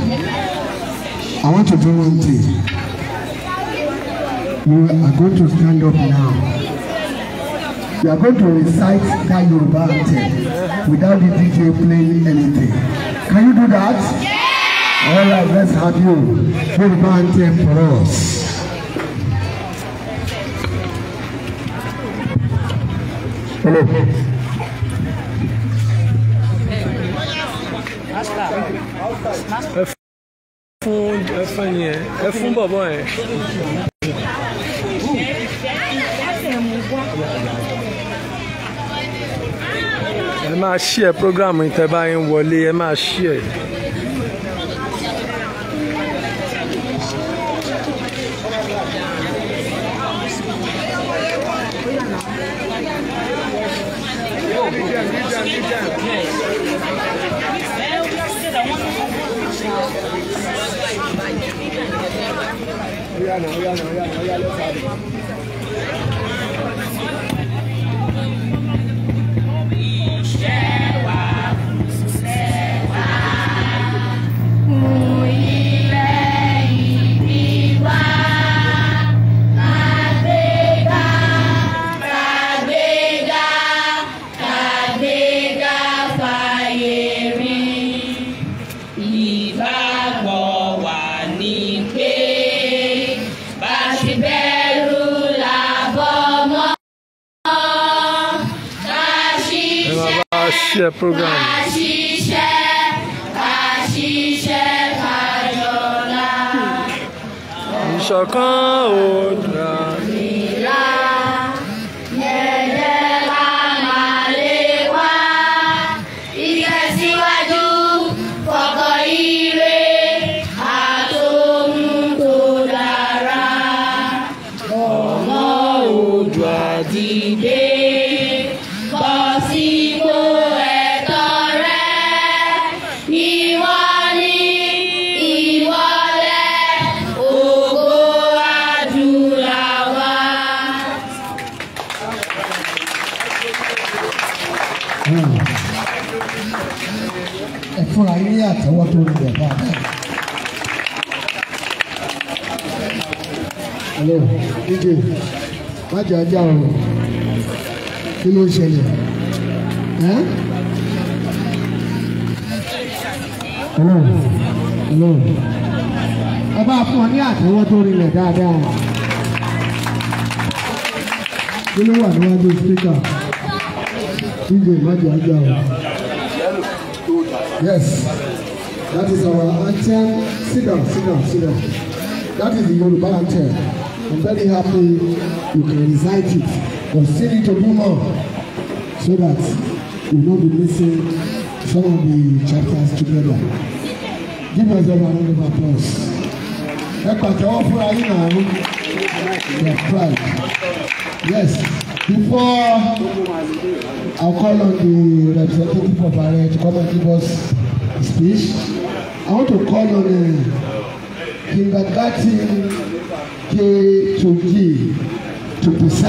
I want to do one thing. You are going to stand up now. You are going to recite that Yoruba anthem without the DJ playing anything. Can you do that? Yeah. All right, let's have you. Yoruba anthem for us. Hello. fún ẹfun yẹn ẹfun bọ̀bọ̀ yẹn. ẹ máa ṣí ẹ program yìí tẹ́ bá ń wọlé ẹ máa ṣí ẹ. àṣẹ program. ká ṣiṣẹ́ ká ṣiṣẹ́ ká jọlá. ìṣọ̀kan ò Baba. Hello, DJ, má jẹ́ ajá o, kí Hello, hello, ẹ bá fún ọ ní àtẹ́wọ́ tó rinlẹ̀ dáadáa. Kí ló DJ, má jẹ́ Yes. That is our anthem. Sit down, sit down, sit down. That is the Yoruba anthem. I'm very happy you can recite it or sing it to do more so that you will not be missing some of the chapters together. Give us a round of applause. Ẹ pàtẹ́wọ́ fún ayé náà ó Yes, before I call on the representative of Ààrẹ to come and give us fish. I want to call on uh, kindergarten K to G to precise. be precise.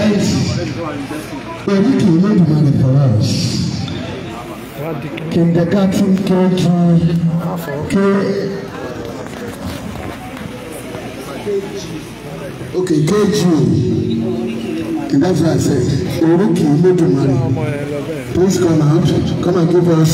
Eric money for us. Kindergarten K to K. Okay, K And That's what I said. need Oruki money. Please come out. Come and give us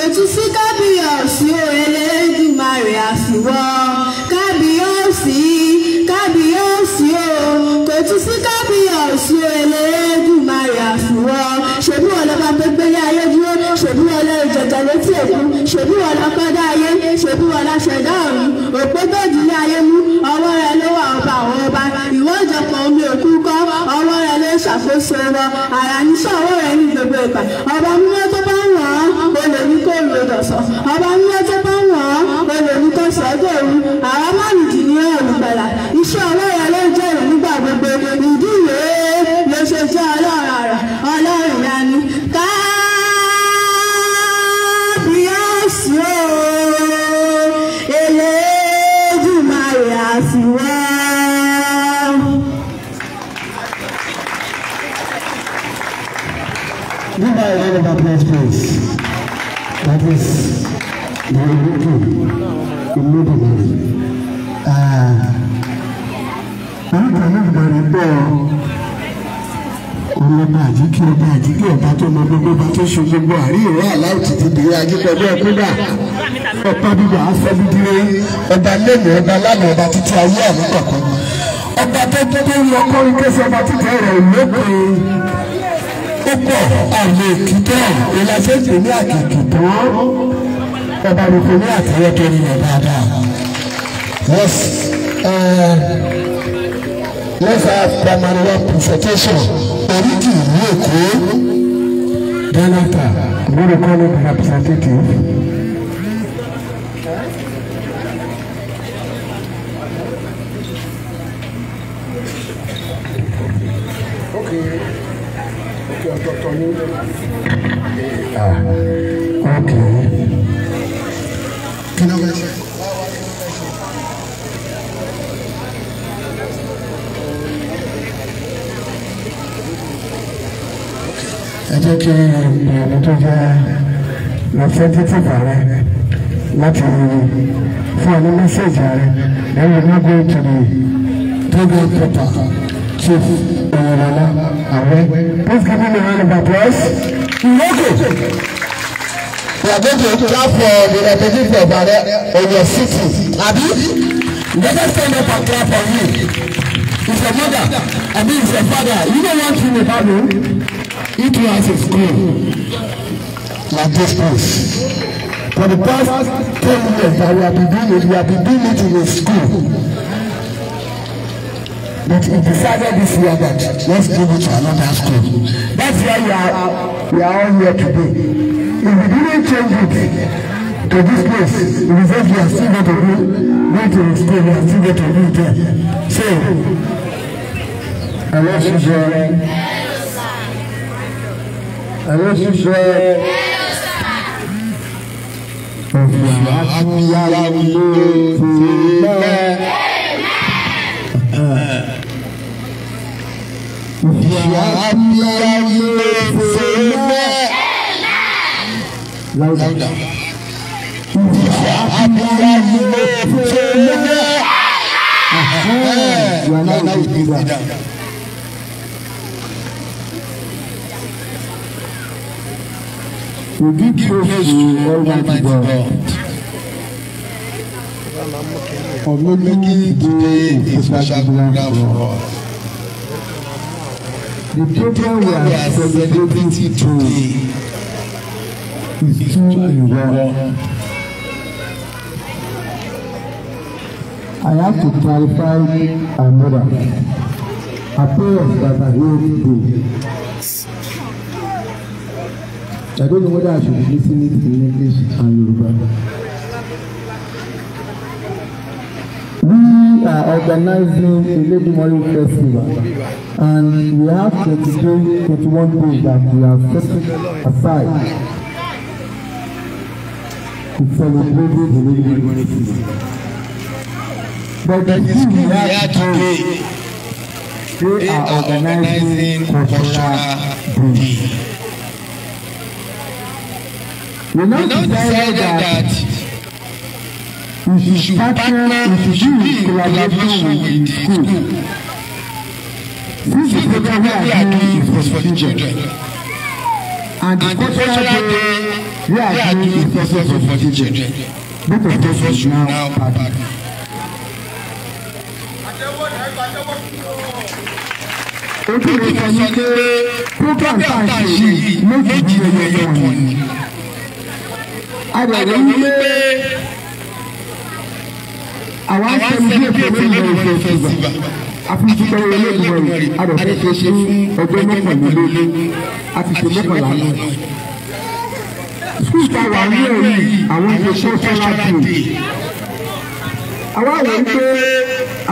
fètú sí kábíyọ̀sí o Elédùmarè àfiwọ́ kábíyọ̀sí kábíyọ̀sí o fètú sí kábíyọ̀sí o Elédùmarè àfiwọ́ ṣèbí wọn lọ́ba gbégbélé ayé dúró ṣèbí wọn lọ ìjọba létí èkó ṣèbí wọn lọ kọ́dá ayé ṣèbí wọn lọ ṣẹ̀dá ọ̀run òpó tó dìlé ayé mú ọwọ́ rẹ ló wà ọba àwọn ọba ìwọ ìjọpọ̀ omi òkú kọ́ ọwọ́ rẹ ló ṣàkóso wọn àrà níṣẹ́ ọwọ́ rẹ ní gbogbo ìgbà ọba mímọ́ kò lè dọ̀sán ọba ńlá tó bá wọ̀ ọ́ olè ní tọ̀sán ọjọ́ òru àwa má nìdí ní olùgbàlà iṣẹ́ ọlọ́ tó ṣe gbogbo àríyànwó aláìtì ti dìre ajípẹ̀lú ẹ̀kúndà ọ̀pá bíbà afẹ́bí ọba lẹ́nu ọba lánà ọba títí ayé àmì kọ̀ọ̀kan ọba tó dédé ń lọ kọ́rin kẹsàn ọba títẹ̀ rẹ̀ lókè púpọ̀ àmì ìkìtọ́ ìlàsẹ́jì ní àkìkì tó ọba nìkan ní àtẹ̀yẹ tó nílẹ̀ dáadáa. Yes, uh, let's have primary one presentation oríkì ìlú Èkó. Then after, I'm going to call up representative. Ah, okay. Can I ẹ jẹ́ kí ẹni tó jẹ́ representative ààrẹ láti fún ẹni mẹ́sẹ̀gì ààrẹ ẹ wò ná go to the program proper chief oyinlala ààrẹ please give me the round of applause. ìwọ́gò. We are going to clap for the representative of Bare on your city. Abi, let us stand up and clap for him. He's your mother, I mean, your father. You don't want him without him. It was a school like this place. For the past 10 years that we have been doing it, we have been doing it in a school. But we decided this year that let's give it to another school. That's why we are, we are all here today. If we didn't change it to this place, it is we are still going to do. go to the school, we are still going to be there. So, I love you, Joy ẹ̀rọ ṣíṣe òfin àfihàn ló ti lẹ́. Ìyá abíyá ló ṣe lẹ́. We give praise to Almighty God. for making today a special program for us. The program we are celebrating today is too important. I have to clarify my mother. Her parents that I will be. I don't know whether I should be listening English and Yoruba. We are organizing a Lady Mori festival and we have 22, one days that we have set aside to celebrate the Lady Mori festival. But the thing we have today, they are organizing cultural day. We now decided that, that we should partner, we should be in collaboration with the school. This is the program we are doing for the children. And the cultural day we are doing is for the children. Both of us should now partner. Ojú mi sọ ní pé program tá a ṣe yìí méjì ló yẹ yẹ wọ̀nyí agbàgbọ́ wípé àwọn asẹ́mi bí èpè mi lọ ìfẹ́ ìfẹ́ afunjukọ olóògbé adọ̀fẹ́ tó ṣe ọjọ́ mọ́kànlélógún àti ṣe mọ́kànlá náà skul ta wà ní ẹ̀rí àwọn ṣe kọ́ sọ́lá dì àwa wò ó pé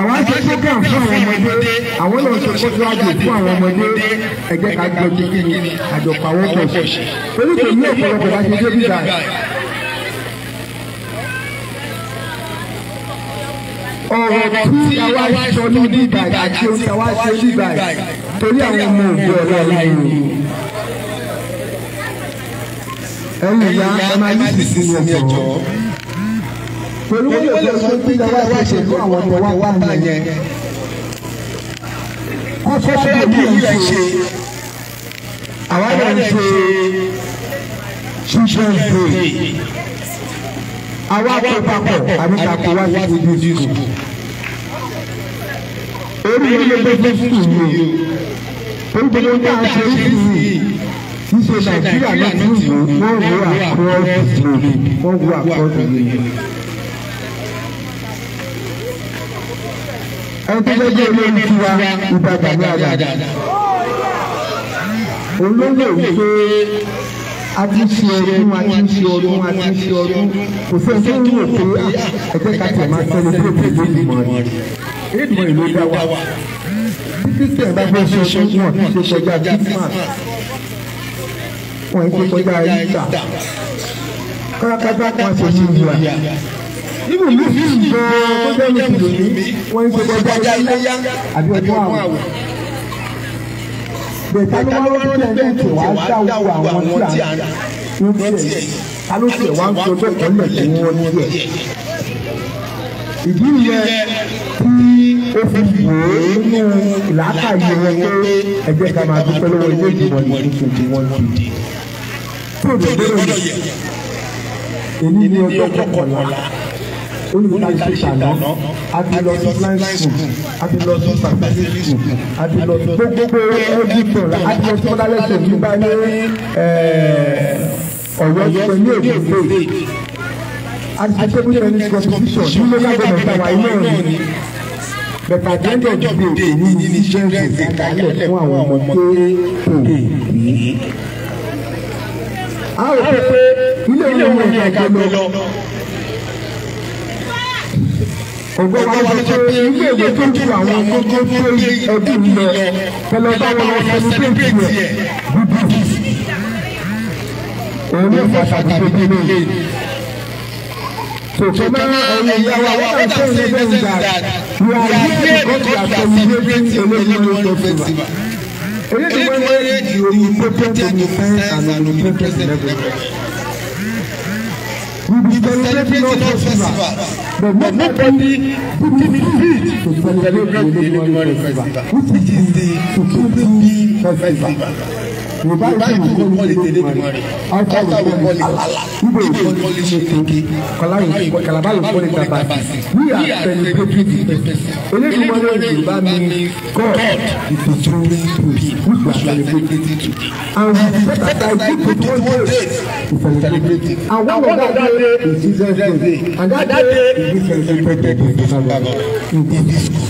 àwa ṣe program fún àwọn ọmọdé àwọn náà ṣe kọ́sọ́lá dì fún àwọn ọmọdé ẹ̀jẹ̀ ká jọ kékeré àjọpọ̀ àwọn pọ̀ sí. olùkọ́ ní ọ̀pọ̀lọpọ̀ bá ṣe dé bíbá ọ̀rọ̀ tí àwa sọ níbi ìbàdí àti orí àwa ṣe ní ìbàdí torí àwọn ọmọ òbí ọ̀rọ̀ ọ̀rọ̀ ẹ̀yìn ìyá ẹ máa yí sísìn ní ẹjọ́ pẹ̀lú wọ́n lè sọ pé àwa ṣe ṣe fún àwọn ọmọ wa wà náà yẹn wọ́n fẹ́ fẹ́ bí ilẹ̀ ṣe àwa náà ń ṣe children's day àwa kó papọ̀ àbí ká kó wá sí ojú ìsìnkú. orí ilé gbogbo sùkúù yìí o gbogbo tá a ṣe sùkúù yìí ṣíṣe nàìjíríà náà ti wò wọ́n wò àkọ́ọ̀tì lòdì wọ́n wò àkọ́ọ̀tì lòdì. ẹgbẹ́jọ́ olórí tiwa ìbàdàn ní àdàdà olóyè wípé a ti ṣe ọdún a ọdún a ti ọdún kò sí ẹgbẹ́ tó wò pé ah, ẹgbẹ́ ká tẹ̀ máa sẹ́nu tó ti lé ìmọ̀ rẹ̀ ìmọ̀ ìlú dá wa títí tí ẹ̀ bá fẹ́ ṣe ọdún wọn ti ṣe kọjá Christmas wọn ti kọjá Easter kárakáta kan ṣe ní ìlú wa nínú ìlú yìí gan-an tó jẹ́ mùsùlùmí wọ́n ti kọjá iléyá àbí ọdún àwọ̀ bẹ̀ẹ̀ta ló wá rán níbẹ̀ ní wàá dáwọ́ àwọn tí a ń tiẹ̀ ta ló tiẹ̀ wá ń sọ bẹ́ẹ̀ tọ́lẹ̀ tí wọ́n ń tiẹ̀. ìdí nìyẹn tí ó fi wò ó nínú làákàyè wọn pé ẹgbẹ́ ká máa dúpẹ́ lọ́wọ́ ilé ìgbìmọ̀ ní tuntun tí wọ́n ń tó o dẹ̀ èyí ni ọjọ́ kọkànlá olùkọ́ ṣe tàná abilọ́dún flying school abilọ́dún pàtẹ́lì school abilọ́dún gbogbo ojú tọ̀la abilọ́dún fọlálẹ́sọ̀ nígbà ní ọ̀rọ̀ ìpè ní èdè ìpè àtìsẹ́kù tennis competition ní local government wa ilé ọ̀run ni bẹ̀tà àjẹ́ndẹ̀ ìdíje èyí ní iṣẹ́ ìfòsí kalẹ̀ fún àwọn ọmọ tó kò ní. a ò pé ilé ìwé ìwé ìgbàgbé lọ ọgbọ́n wa ló ṣe pé ilé ìwé tó ń ju àwọn gógó tó yí ẹbí lọ pẹlẹ báwo lọ sẹlẹbírẹtì ẹ bíbí òun ló fà sàbíjì lóye tòkòmọ́ ọ̀rọ̀ ìyàwó àwọn ọ̀ṣẹ́ ìlẹ́gbẹ̀ẹ́ ìgbà wà ní ìkọ́jú àtọ̀mílẹ́bí olóyún ló fẹ́ẹ́ Anywhere you will be protected in defense and will be present everywhere. We will be celebrating our festival. the nobody to defeat to celebrate the Elimori Festival, which is the Kutubi Festival. yorùbá yìí kò we are celebrating the person elédùnmọ́lẹ̀ god the true people and we set aside good one of that day and that day is the celebrated in this school.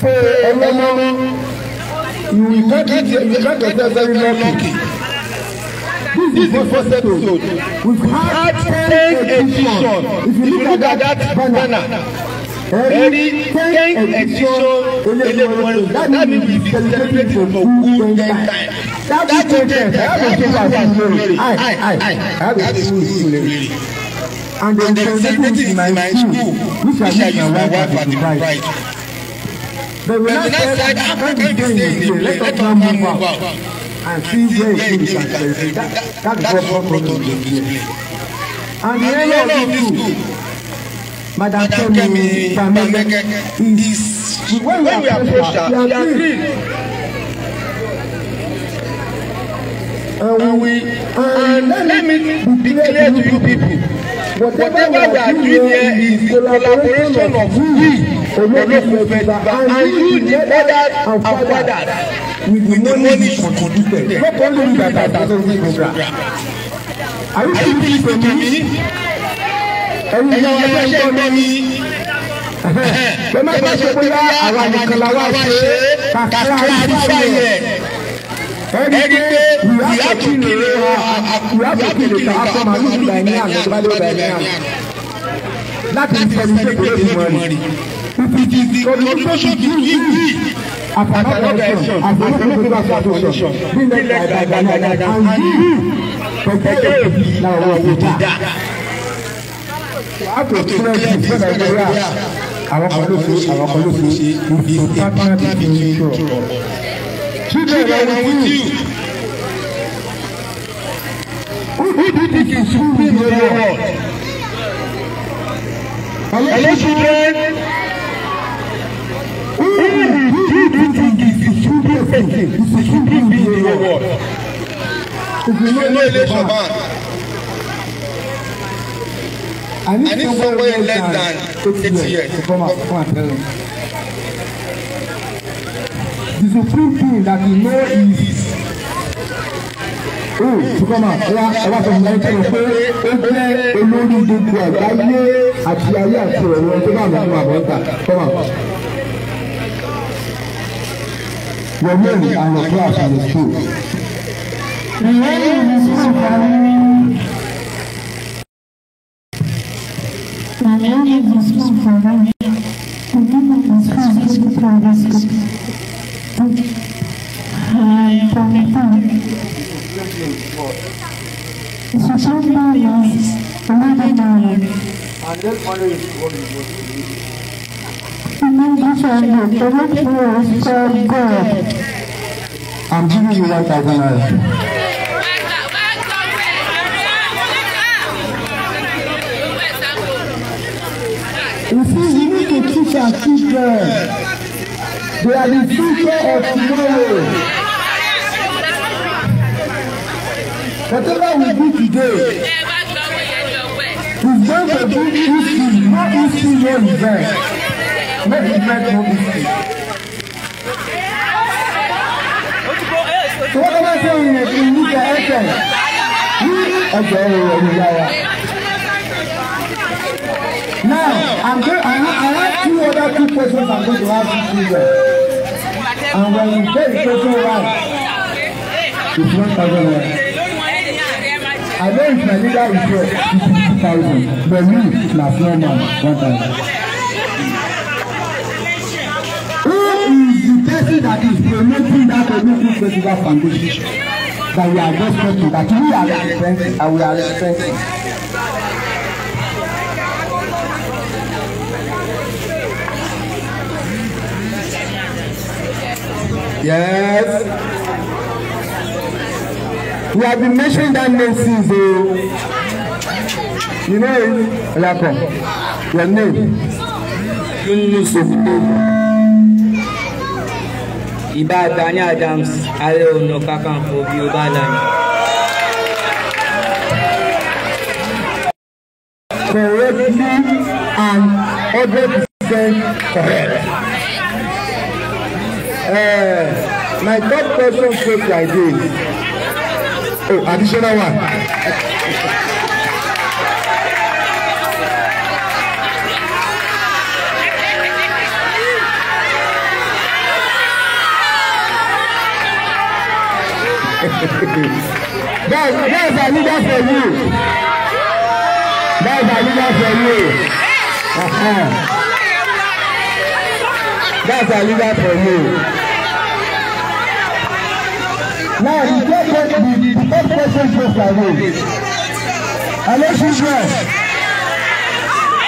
Hey, We can't get very lucky. This is the first episode. We've had 10 editions. If you look at that banner, Every ten edition eleven that means we be celebrating for good ten time. That good ten time I have a story. I I I have a story. And they celebrating in my school. Which I like my wife and the bride. The Lord said, Africa is staying Let us now move out and see where it is at play. That, that is what brought us to this place. And the area of this school, Madam Kemi Pameke, is when we are her, we are green. And we and let me be clear to you people. Whatever we are doing is the collaboration of we, Olókùnfẹ́ and you, the mothers and fathers. We will not let it continue. No problem with that. That is the program. Are you still listening to me? Ẹ̀yin ẹ̀yin ẹ̀yin ẹ̀yin ẹ̀yin bẹ́ẹ̀ má ṣe bóyá àwọn àyíkànlá wa ṣe kàkàrà àdúgbò ẹni pé ìyàtò kìlè ìyàtò kìlè ká fọ́ màálù ìgbà ní àná tó bá dé ìgbà ní àná láti fi sẹ́ni tó kéré fún wọn rí ìfìdí olùkóso ti yíyí àfàlọ́dọ̀ ẹ̀sán àfàlọ́dọ̀ àfàlọ́dọ̀ nílẹ̀ àgbàgbàgbà àyè pẹ̀pẹ̀lẹ̀ làwọn òwò ti dà. wàá tó kílẹ̀ ti fẹ́ nàìjíríà àwọn kan ló fi àwọn kan ló fi ìfipá bá ti fi ń sọ̀rọ̀. Children are with you. Who do you think is ruling the world? Hello, children. Who do you think is ruling the world? If you know election ban. I need somewhere less than 50 years to come and tell them the supreme being that we know is oh sukoma ẹwà ẹwà sọ fún ẹni pé ó jẹ olórí gbogbo àgbáyé àti ayé àti ọ̀rọ̀ ẹni tó bá lọ fún àbọ̀ǹtà kọ́mà. Your name and your class are the school. The name is Superman. The name is Superman. and the direct news from God. I'm giving you 1,000 naira. You see, you need to teach our children. They are the future of tomorrow. Whatever we do today is going to be history, not history, no event management know this thing. So what am I saying is we need the essence. Okay, okay, yeah. Now, I'm going, I, have, I have two other two questions I'm going to ask you children. And when you take the question right, it's 1,000 naira. I know if my leader is here, it's 50,000. But me, it's not normal. man, 1,000. see that is promoting that Olufun festival foundation that we are just respecting that we are respecting and we are respecting. Yes. We have been mentioning that name since uh, you know Olakon, your name. You Yunus Ofuto ìbá Gani Adams Ààrẹ Ọ̀nà Kakanfò bí ó bá correctly and hundred percent correct. Uh, my top question goes like this. Oh, additional one. that's that's our leader for you that's a leader for you uh -huh. that's a leader for you. now you get back the the first person first by way election dress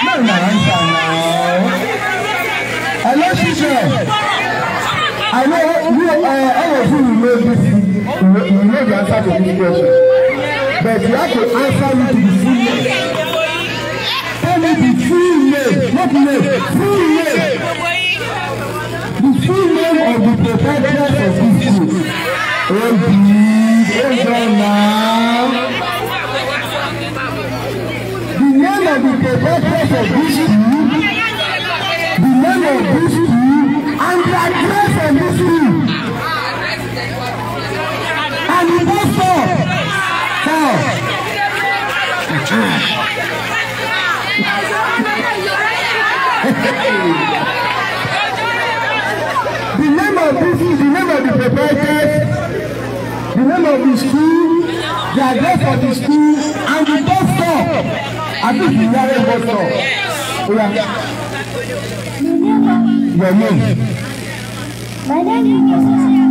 no na answer now election dress i know you uh, all of you know this you know the answer to this question but you have to answer me to the full name tell me the full name What name full name the full name of the proprietress of this group obi ojona the name of the proprietress of this group the name of this group and the address of this group. four, four. the name of this is the name of the proprietors, the name of the school, the address of the school, and the bus stop. I think the nearest bus stop. Oh, yeah. Your name. My name is Yusuf.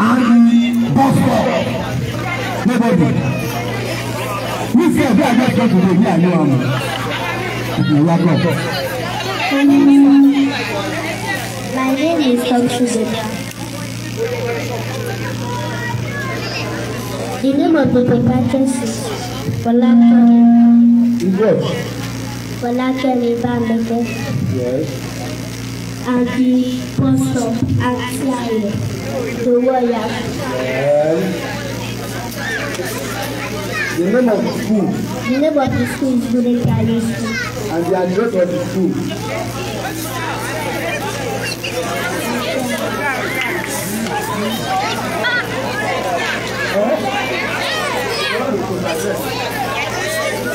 and Bosco. Nobody. We say we are not going to do here, you are. are God. My name is Dr. Zebra. The name of the proprietress is Bolakere. Yes. Bolakere Bameke. Yes àti pọ́sọ̀ àti ayọ̀ ló wọ̀yà. The name of the school. The name of the school is Gure Primary School. And the address of the school.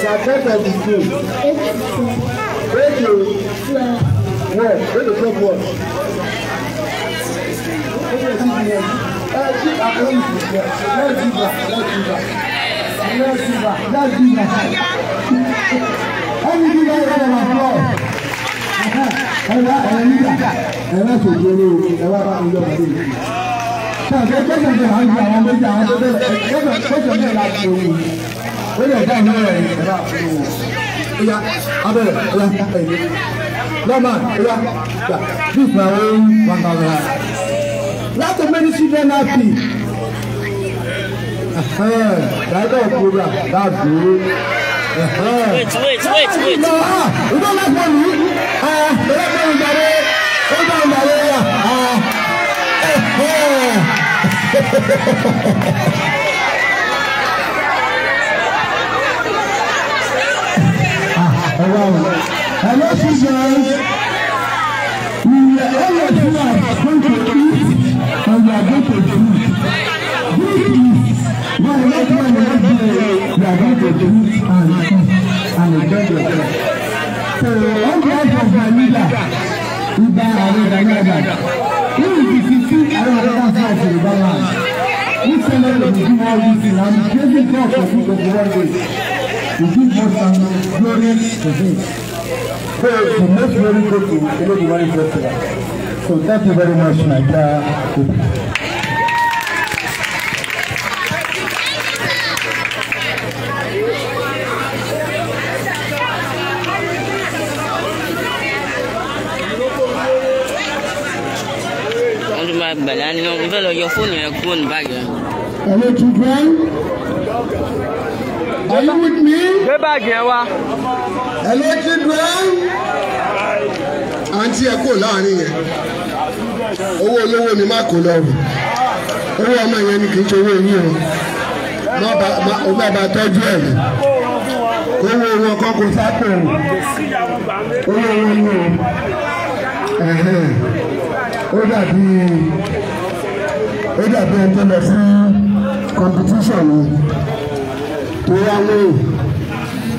The address of the school. Eight to twelve. Eight to twelve wall wey dey block wall wey dey do the end ẹ ṣí àkóyè ìfẹ́ let's do that let's do that let's do that let's do that everything dey come on floor ẹ wá ẹ nígbà ẹ wá ṣòjò olóró ẹ wá bá mi yọ ọmọdé yìí ṣàǹfẹ kẹsàǹfẹ àwọn ìgbà àwọn méjì àwọn tó bẹ̀rẹ̀ kẹsàǹfẹ láti òun ó lè dá ìlú rẹ ẹ bá òun ó yá abẹ́rẹ́ ó yá ẹ yẹ. Norman, this my own 1,000 naira. Lots of many children happy. Uh-huh. Right That's good. Uh-huh. Wait, wait, wait, wait. No, ah, you don't like money? Ah, you don't like money, Daddy. Hold on, Daddy. Ah, eh, eh. Canada. Who is defeating our brothers of Yoruba land? Who tell us to do all this thing? I'm praising God for people give God some glory to Him. So the most very grateful, the very festival. So thank you very much, my dear. àgbàlá ni wọn fẹ́ lọ yọ fóònù yẹn kúrò ní báyìí. hello children are you with me. gbé báàgì yẹn wá. hello children. àǹtí ẹ kò láàrin yẹn owó olówó ni má kó lọ rò owó ọmọ yẹn ni kì í ṣe owó yín o ó bá ba tọ́jú ẹ̀ lọ owó wọn kọ́ kó sápò owó wọn ni o ó dàbí ó dàbí ẹni tó lọ sí competition ni tó wá lóyè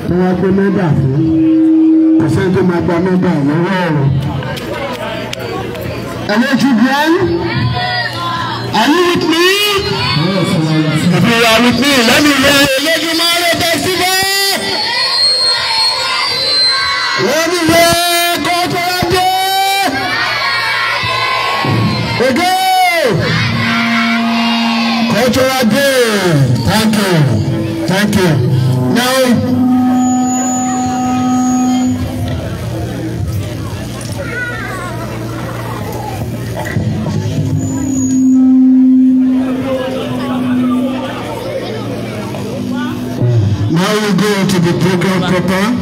tó wá gbé mẹ́bà fún kò sẹ́ni tó máa gba mẹ́bà lọ́wọ́ ọ̀rọ̀. ẹlẹ́jú bíọ́n are you with me? if you are with me let me know. ẹlẹ́jú máa ń lọ bẹ́ẹ̀ síbẹ̀. you. Thank you. Thank you. Now, Now we go to the program proper.